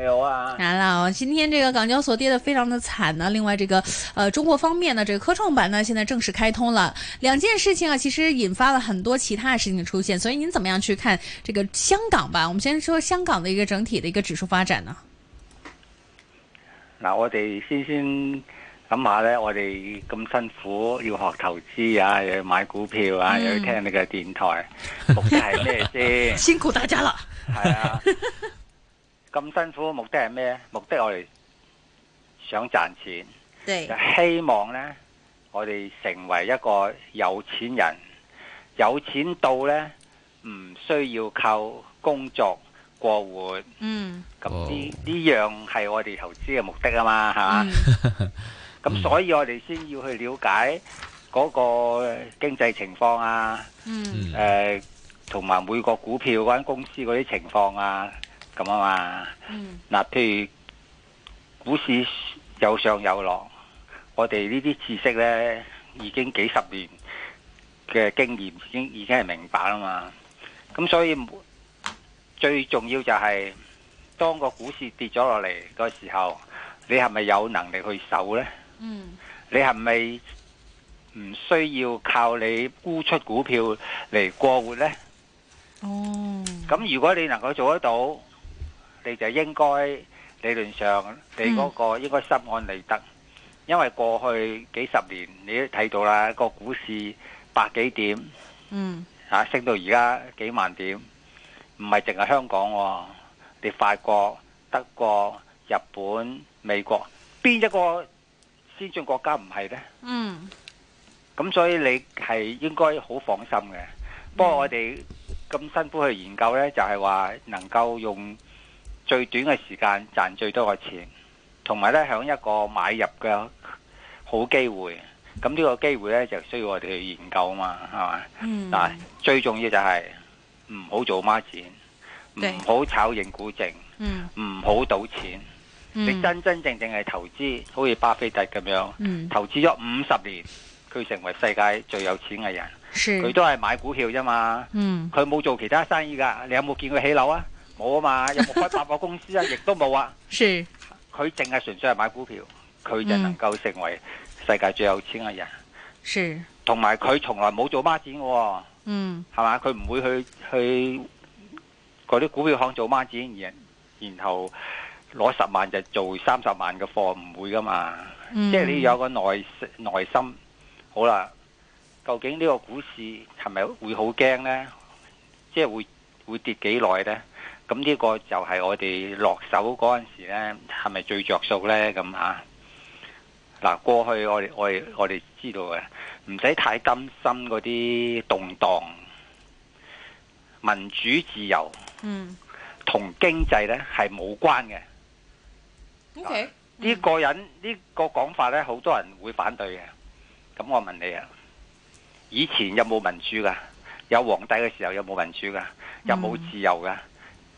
沒有啊！難了，今天這個港交所跌得非常的慘呢、啊。另外，這個呃中國方面呢，這個科創板呢現在正式開通了。兩件事情啊，其實引發了很多其他的事情出現。所以您怎麼樣去看這個香港吧？我們先說香港的一個整體的一個指數發展呢。嗱，我哋先先諗下呢，我哋咁辛苦要學投資啊，又要買股票啊，又要聽你嘅電台，目的係咩先？辛苦大家了。係啊。咁辛苦嘅目的係咩？目的我哋想賺錢，就希望呢，我哋成為一個有錢人，有錢到呢唔需要靠工作過活。嗯，咁呢呢樣係我哋投資嘅目的啊嘛，係嘛？咁所以我哋先要去了解嗰個經濟情況啊，誒，同埋每個股票嗰間公司嗰啲情況啊。咁啊嘛，嗱，譬如股市有上有落，我哋呢啲知識呢，已經幾十年嘅經驗，已經已經係明白啦嘛。咁所以最重要就係，當個股市跌咗落嚟嗰時候，你係咪有能力去守呢？嗯，你係咪唔需要靠你沽出股票嚟過活呢？哦，咁如果你能夠做得到。你就應該理論上你嗰個應該心安理得，因為過去幾十年你都睇到啦，個股市百幾點，嚇升到而家幾萬點，唔係淨係香港喎，你法國、德國、日本、美國邊一個先進國家唔係呢？嗯，咁所以你係應該好放心嘅。不過我哋咁辛苦去研究呢，就係話能夠用。最短嘅時間賺最多嘅錢，同埋咧響一個買入嘅好機會。咁呢個機會咧就需要我哋去研究啊嘛，係嘛。嗱、嗯啊，最重要就係唔好做孖展，唔好炒認股證，唔好賭錢、嗯。你真真正正係投資，好似巴菲特咁樣，嗯、投資咗五十年，佢成為世界最有錢嘅人。佢都係買股票啫嘛，佢、嗯、冇做其他生意噶。你有冇見佢起樓啊？冇啊嘛，有冇開百貨公司啊，亦都冇啊。是佢淨係純粹係買股票，佢就能夠成為世界最有錢嘅人。是同埋佢從來冇做孖展嘅，嗯，係嘛、哦？佢、嗯、唔會去去嗰啲股票行做孖展，然後然後攞十萬就做三十萬嘅貨，唔會噶嘛。嗯、即係你有個耐耐心好啦，究竟呢個股市係咪會好驚呢？即係會會跌幾耐呢？咁呢個就係我哋落手嗰陣時咧，係咪最着數呢？咁啊，嗱，過去我哋我哋我哋知道嘅，唔使太擔心嗰啲動盪、民主、自由，同、嗯、經濟呢係冇關嘅。呢、okay, 嗯呢個人呢、呢個講法呢，好多人會反對嘅。咁我問你啊，以前有冇民主噶？有皇帝嘅時候有冇民主噶？有冇自由噶？嗯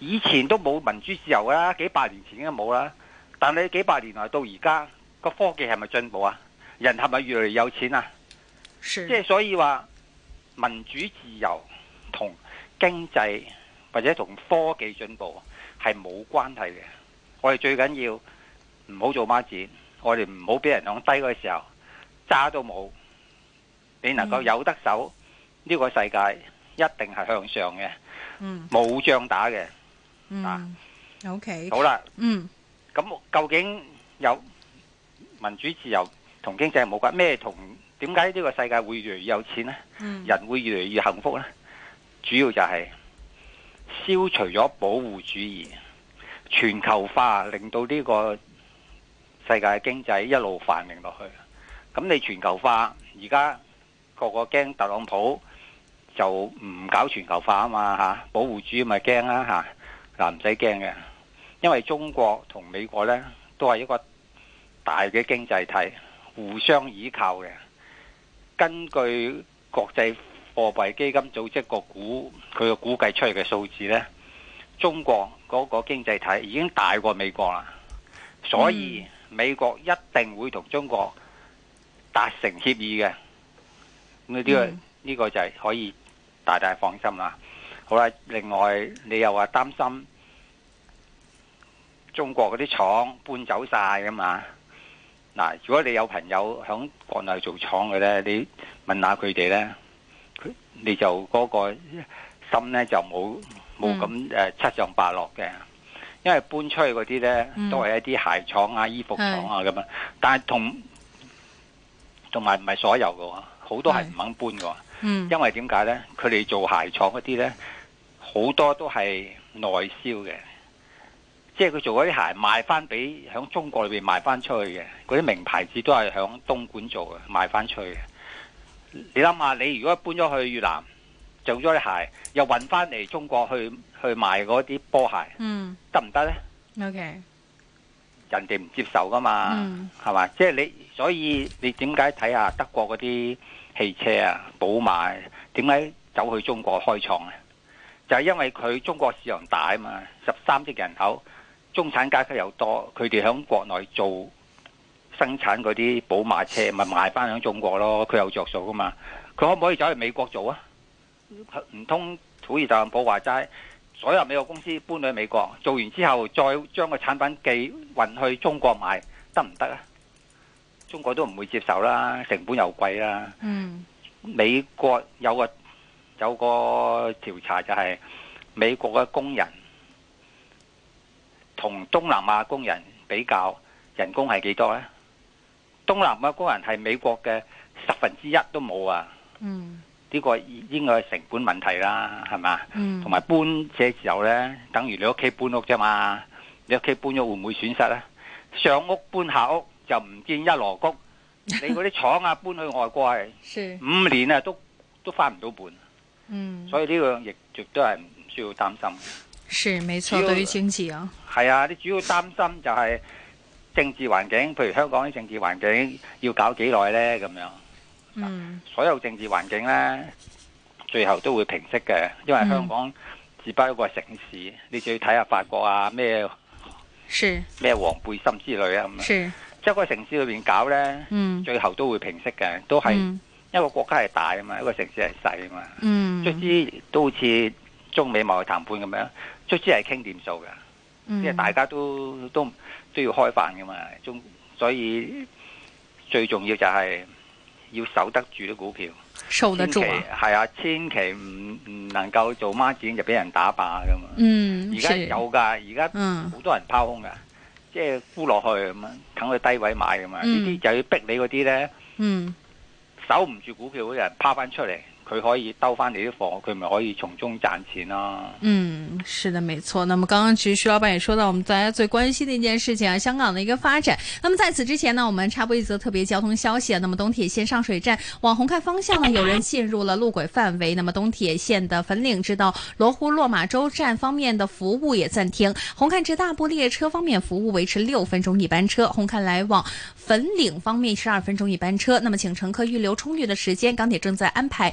以前都冇民主自由啦，幾百年前應該冇啦。但你幾百年來到而家，個科技係咪進步啊？人係咪越嚟越有錢啊？即係所以話民主自由同經濟或者同科技進步係冇關係嘅。我哋最緊要唔好做孖剪，我哋唔好俾人降低嗰時時候，揸都冇。你能夠有得手，呢、嗯個世界一定係向上嘅，冇、嗯、仗打嘅。嗱，OK，好啦，嗯，咁究竟有民主自由同經濟冇關咩？同點解呢個世界會越嚟越有錢呢？人會越嚟越幸福呢？主要就係消除咗保護主義，全球化令到呢個世界經濟一路繁榮落去。咁你全球化而家個個驚特朗普就唔搞全球化啊嘛吓，保護主義咪驚啦吓。嗱、啊，唔使驚嘅，因為中國同美國咧都係一個大嘅經濟體，互相倚靠嘅。根據國際貨幣基金組織個估佢嘅估計出嚟嘅數字咧，中國嗰個經濟體已經大過美國啦，所以美國一定會同中國達成協議嘅。呢個呢個就係可以大大放心啦。好啦，另外你又話擔心中國嗰啲廠搬走晒㗎嘛？嗱，如果你有朋友響國內做廠嘅咧，你問下佢哋咧，佢你就嗰個心咧就冇冇咁七上八落嘅，因為搬出去嗰啲咧都係一啲鞋廠啊、嗯、衣服廠啊咁樣。但係同同埋唔係所有㗎喎，好多係唔肯搬㗎喎、嗯，因為點解咧？佢哋做鞋廠嗰啲咧。好多都係內銷嘅，即係佢做嗰啲鞋賣翻俾喺中國裏面賣翻出去嘅，嗰啲名牌子都係喺東莞做嘅，賣翻出去。你諗下，你如果搬咗去越南做咗啲鞋，又運翻嚟中國去去賣嗰啲波鞋，嗯、mm.，得唔得呢？OK，人哋唔接受噶嘛，係、mm. 嘛？即係你，所以你點解睇下德國嗰啲汽車啊，寶馬點解走去中國開廠啊？就係、是、因為佢中國市場大啊嘛，十三億人口，中產階級又多，佢哋喺國內做生產嗰啲寶馬車，咪賣翻響中國咯。佢有著數噶嘛。佢可唔可以走去美國做啊？唔通好似特朗普話齋，所有美國公司搬去美國做完之後，再將個產品寄運去中國賣，得唔得啊？中國都唔會接受啦，成本又貴啦。嗯，美國有個。有個調查就係美國嘅工人同東南亞工人比較，人工係幾多呢？東南亞工人係美國嘅十分之一都冇啊！嗯，呢、呢個應該係成本問題啦，係嘛？同、嗯、埋搬嘅時候呢，等於你屋企搬屋啫嘛，你屋企搬屋會唔會損失呢？上屋搬下屋就唔見一籮穀， 你嗰啲廠啊搬去外國係五年啊都都翻唔到本。嗯，所以呢個亦都係唔需要擔心。是，沒錯，對於政治啊，係啊，你主要擔心就係政治環境，譬如香港啲政治環境要搞幾耐呢？咁樣。嗯，所有政治環境呢，最後都會平息嘅，因為香港只不過一個城市，嗯、你就要睇下法國啊咩，是咩黃背心之類啊咁樣，即係個城市裏面搞呢，嗯、最後都會平息嘅，都係。嗯一個國家係大啊嘛，一個城市係細啊嘛。嗯，卒之都好似中美貿易談判咁樣，卒之係傾點數噶。即、嗯、係大家都都都要開飯噶嘛。中所以最重要就係要守得住啲股票。守得住啊！係啊，千祈唔唔能夠做孖展就俾人打靶噶嘛。嗯，而家有噶，而家好多人拋空噶、嗯，即係沽落去咁樣，等佢低位買噶嘛。呢、嗯、啲就要逼你嗰啲咧。嗯。守唔住股票嘅人，拋翻出嚟。佢可以兜翻你啲貨，佢咪可以從中賺錢咯、啊。嗯，是的，沒錯。那麼剛剛其實徐老板也說到，我們大家最關心的一件事情啊，香港的一個發展。那麼在此之前呢，我們插播一則特別交通消息啊。那麼東鐵綫上水站往紅磡方向呢，有人進入了路軌範圍。那麼東鐵綫的粉嶺至到羅湖落馬洲站方面的服務也暫停。紅磡至大埔列車方面服務維持六分鐘一班車，紅磡來往粉嶺方面十二分鐘一班車。那麼請乘客預留充裕的時間，港鐵正在安排。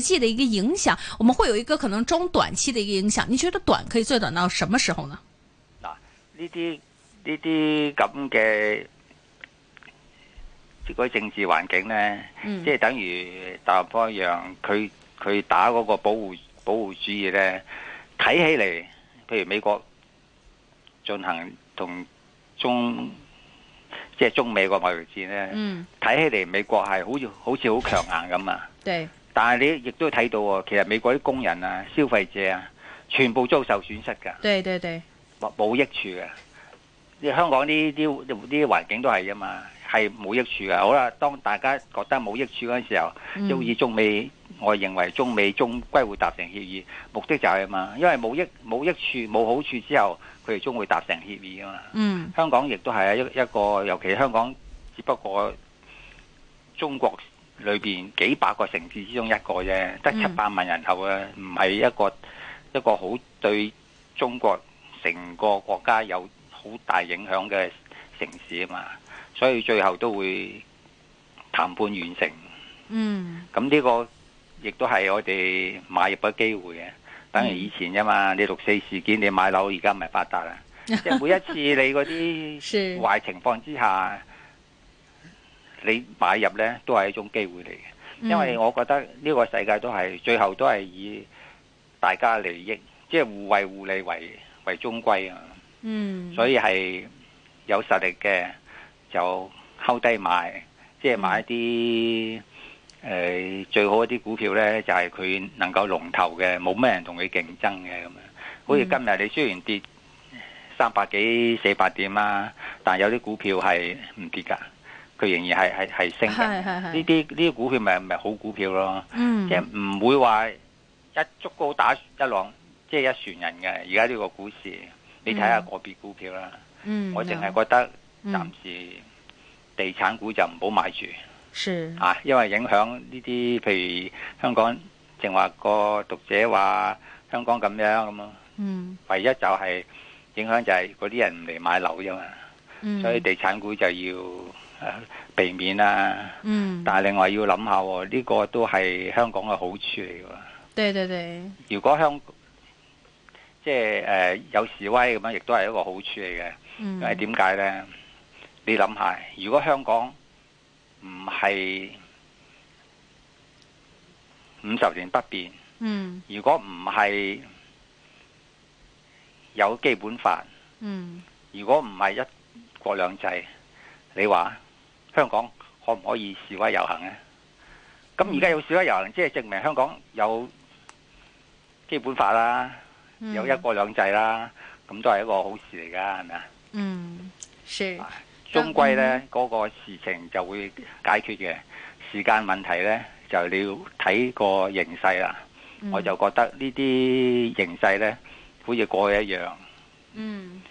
嘅一個影響，我們會有一個可能中短期的一個影響。你覺得短可以最短到什麼時候呢？嗱，呢啲呢啲咁嘅，如果呢個政治環境咧，嗯，即係等於特朗普一樣，佢佢打嗰個保護保護主義咧，睇起嚟，譬如美國進行同中，即係中美個貿易戰咧，睇起嚟，嗯，美國係好似好似好強硬咁啊，嗯，對。但係你亦都睇到，其實美國啲工人啊、消費者啊，全部遭受損失噶。對對對，冇益處嘅。你香港呢啲呢啲環境都係啊嘛，係冇益處嘅。好啦，當大家覺得冇益處嗰陣時候，要、嗯、以中美，我認為中美終歸會達成協議。目的就係啊嘛，因為冇益冇益處冇好處之後，佢哋終會達成協議啊嘛。嗯，香港亦都係一一個，尤其香港，只不過中國裏邊幾百個城市之中一個啫，得七百萬人口啊，嗯，唔係一個一個好對中國成個國家有好大影響嘅城市啊嘛，所以最後都會談判完成。嗯，咁呢個亦都係我哋買入嘅機會啊，等於以前啫嘛。你六四事件你買樓，而家唔係發達啦， 即係每一次你嗰啲壞情況之下。你買入呢都係一種機會嚟嘅，因為我覺得呢個世界都係最後都係以大家利益，即係互惠互利為為中歸啊。嗯，所以係有實力嘅就拋低買，即係買一啲誒最好一啲股票呢，就係佢能夠龍頭嘅，冇咩人同佢競爭嘅咁樣。好似今日你雖然跌三百幾四百點啦，但有啲股票係唔跌㗎。佢仍然係係係升嘅，呢啲呢啲股票咪咪好股票咯，即係唔會話一竹篙打一浪，即、就、係、是、一船人嘅。而家呢個股市，嗯、你睇下個別股票啦。嗯、我淨係覺得暫時、嗯、地產股就唔好買住，嚇、啊，因為影響呢啲，譬如香港淨話個讀者話香港咁樣咁咯，唯一就係影響就係嗰啲人唔嚟買樓啊嘛，嗯、所以地產股就要。避免啦、啊嗯，但係另外要諗下、啊，呢、這個都係香港嘅好處嚟嘅。對對對，如果香即係誒有示威咁樣，亦都係一個好處嚟嘅。因、嗯、為點解呢？你諗下，如果香港唔係五十年不變，嗯、如果唔係有基本法，嗯、如果唔係一國兩制，你話？香港可唔可以示威遊行咧？咁而家有示威遊行，嗯、即係證明香港有基本法啦，嗯、有一國兩制啦，咁都係一個好事嚟噶，係咪啊？嗯，是。啊、終歸呢嗰、嗯嗰個事情就會解決嘅。時間問題呢，就你要睇個形勢啦、嗯。我就覺得呢啲形勢呢，好似過去一樣。嗯。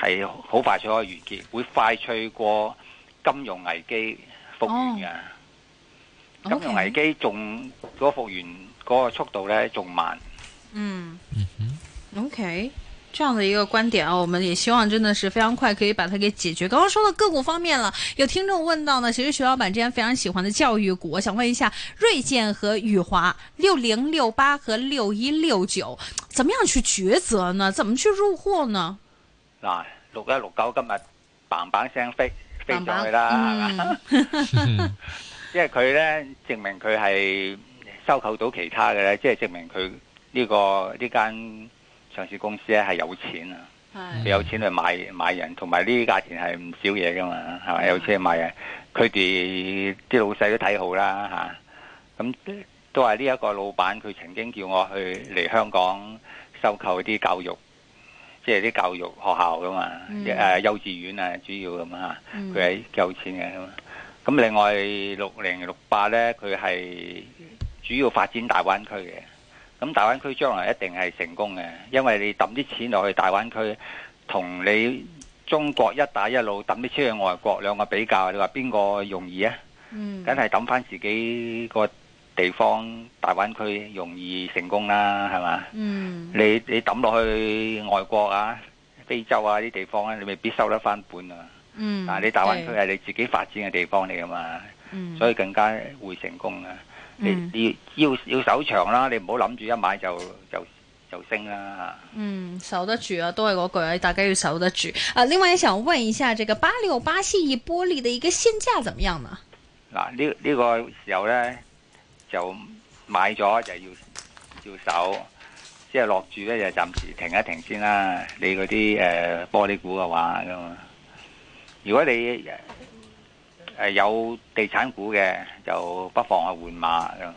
係好快脆可以完結，會快脆過，金融危機復原嘅，oh, okay. 金融危機仲嗰復原嗰個速度咧仲慢。嗯 OK 這樣的一個觀點啊，我們也希望真的是非常快可以把它給解決。剛剛說到個股方面了，有聽眾問到呢，其實徐老闆之前非常喜歡的教育股，我想問一下銳健和宇華六零六八和六一六九，怎麼樣去抉擇呢？怎麼去入貨呢？嗱、啊，六一六九今日棒棒聲飛。飛咗佢啦，係、嗯、嘛？因為佢咧證明佢係收購到其他嘅咧，即、就、係、是、證明佢呢、這個呢間、這個這個、上市公司咧係有錢啊，有錢去買買人，同埋呢啲價錢係唔少嘢噶嘛，係咪有錢買人，佢哋啲老細都睇好啦，吓、啊、咁都係呢一個老闆，佢曾經叫我去嚟香港收購啲教育。即係啲教育學校噶嘛，誒，幼稚園啊，主要咁啊，佢係夠錢嘅。咁另外六零六八咧，佢係主要發展大灣區嘅。咁大灣區將來一定係成功嘅，因為你抌啲錢落去大灣區，同你中國一帶一路抌啲錢去外國，兩個比較，你話邊個容易啊？嗯，梗係抌翻自己個地方大灣區容易成功啦，係嘛？嗯，你你抌落去外國啊、非洲啊啲地方咧，你未必收得翻本啊。嗯，嗱你大灣區係你自己發展嘅地方嚟噶嘛，所以更加會成功啊！你要要要守場啦，你唔好諗住一買就就就升啦。嗯，守得住啊，都係嗰句，大家要守得住。啊，另外，我想問一下，這個八六八線玻璃的一個現價怎麼樣呢？嗱，呢呢個時候咧。就買咗就要要手，即係落住咧就暫、是、時停一停先啦、啊。你嗰啲誒玻璃股嘅話咁，如果你誒、呃、有地產股嘅，就不妨去換馬咁。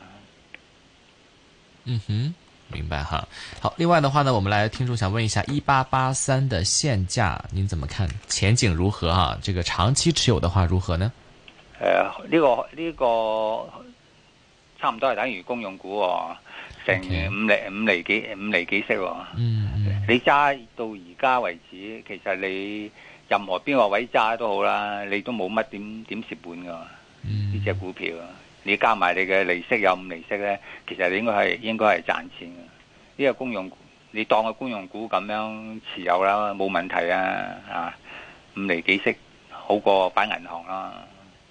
嗯哼，明白哈。好，另外的話呢，我們來聽眾想問一下，一八八三的現價，您怎麼看前景如何啊？這個長期持有的話如何呢？誒、呃，呢個呢個。這個差唔多係等於公用股喎，成五厘五釐幾五厘幾息喎。嗯、mm-hmm. 你揸到而家為止，其實你任何邊個位揸都好啦，你都冇乜點點蝕本㗎。嗯。呢隻股票，你加埋你嘅利息有五厘息咧，其實你應該係應該係賺錢嘅。呢、這個公用，你當個公用股咁樣持有啦，冇問題啊。啊，五厘幾息好過擺銀行啦。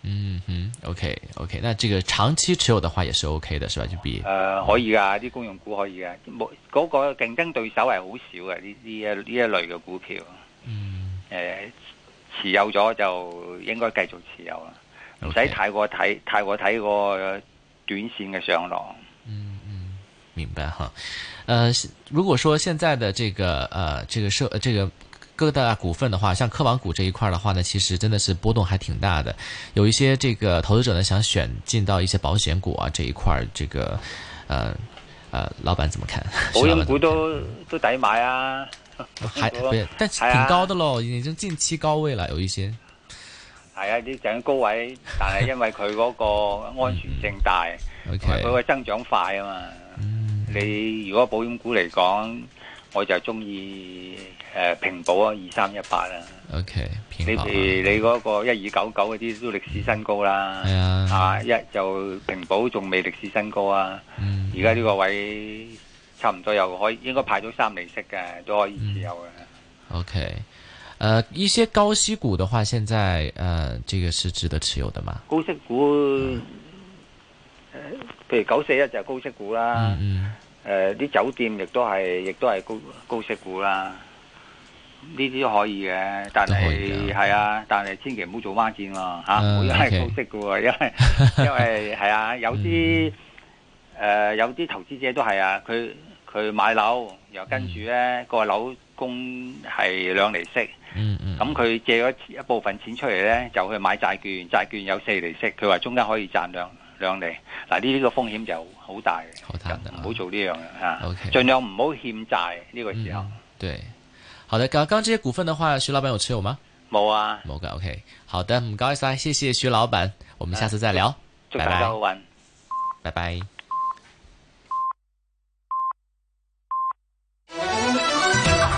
嗯嗯。O K O K，那這個長期持有的話也是 O、okay、K 的，是吧？就比呃可以㗎啲公用股可以嘅，冇、那、嗰個競爭對手係好少嘅，呢呢一呢一類嘅股票。嗯，誒、呃，持有咗就應該繼續持有啦，唔、okay, 使太過睇太過睇個短綫嘅上落。嗯嗯，明白哈。誒、呃，如果說現在的這個誒、呃，這個社，呃、這個。各大，大股份的話，像科網股這一塊的話呢，其實真的是波動還挺大的。有一些這個投資者呢，想選進到一些保險股啊這一塊，這個，呃，呃，老闆怎麼看？保險股都 股都，都抵買啊，還但挺高的咯，啊、已經近期高位了，有一些。係啊，你上高位，但係因為佢嗰個安全性大，同埋佢會增長快啊嘛，嗯。你如果保險股嚟講，我就中意誒平保啊，二三一八啦。O K，平保。你哋你嗰個一二九九嗰啲都歷史新高啦。係、嗯、啊。吓一就平保仲未歷史新高啊。嗯。而家呢個位差唔多又可以，應該派咗三厘息嘅都可以持有嘅。O K，誒，一些高息股嘅話，現在誒、呃，這個是值得持有的嗎？高息股，嗯呃、譬如九四一就係高息股啦。嗯。嗯。誒，啲酒店亦都係，亦都係高高息股啦。呢啲都可以嘅，但係係啊，但係千祈唔好做孖展咯，吓，因為高息嘅，因為因為係啊，有啲誒，有啲投資者都係啊，佢佢買樓，又跟住咧個樓供係兩厘息，嗯嗯，咁佢借咗一部分錢出嚟咧，就去買債券，債券有四厘息，佢話中間可以賺兩。兩嚟，嗱呢啲個風險就好大嘅好大嘅、啊，唔好做呢樣嘅吓。O K，盡量唔好欠債呢、這個時候、嗯。對，好的。咁啱啱，這些股份的話，徐老闆有持有嗎？冇啊。冇㗎。O、okay、K，好的，唔該晒，謝謝徐老闆，我們下次再聊，拜、啊、拜。拜拜。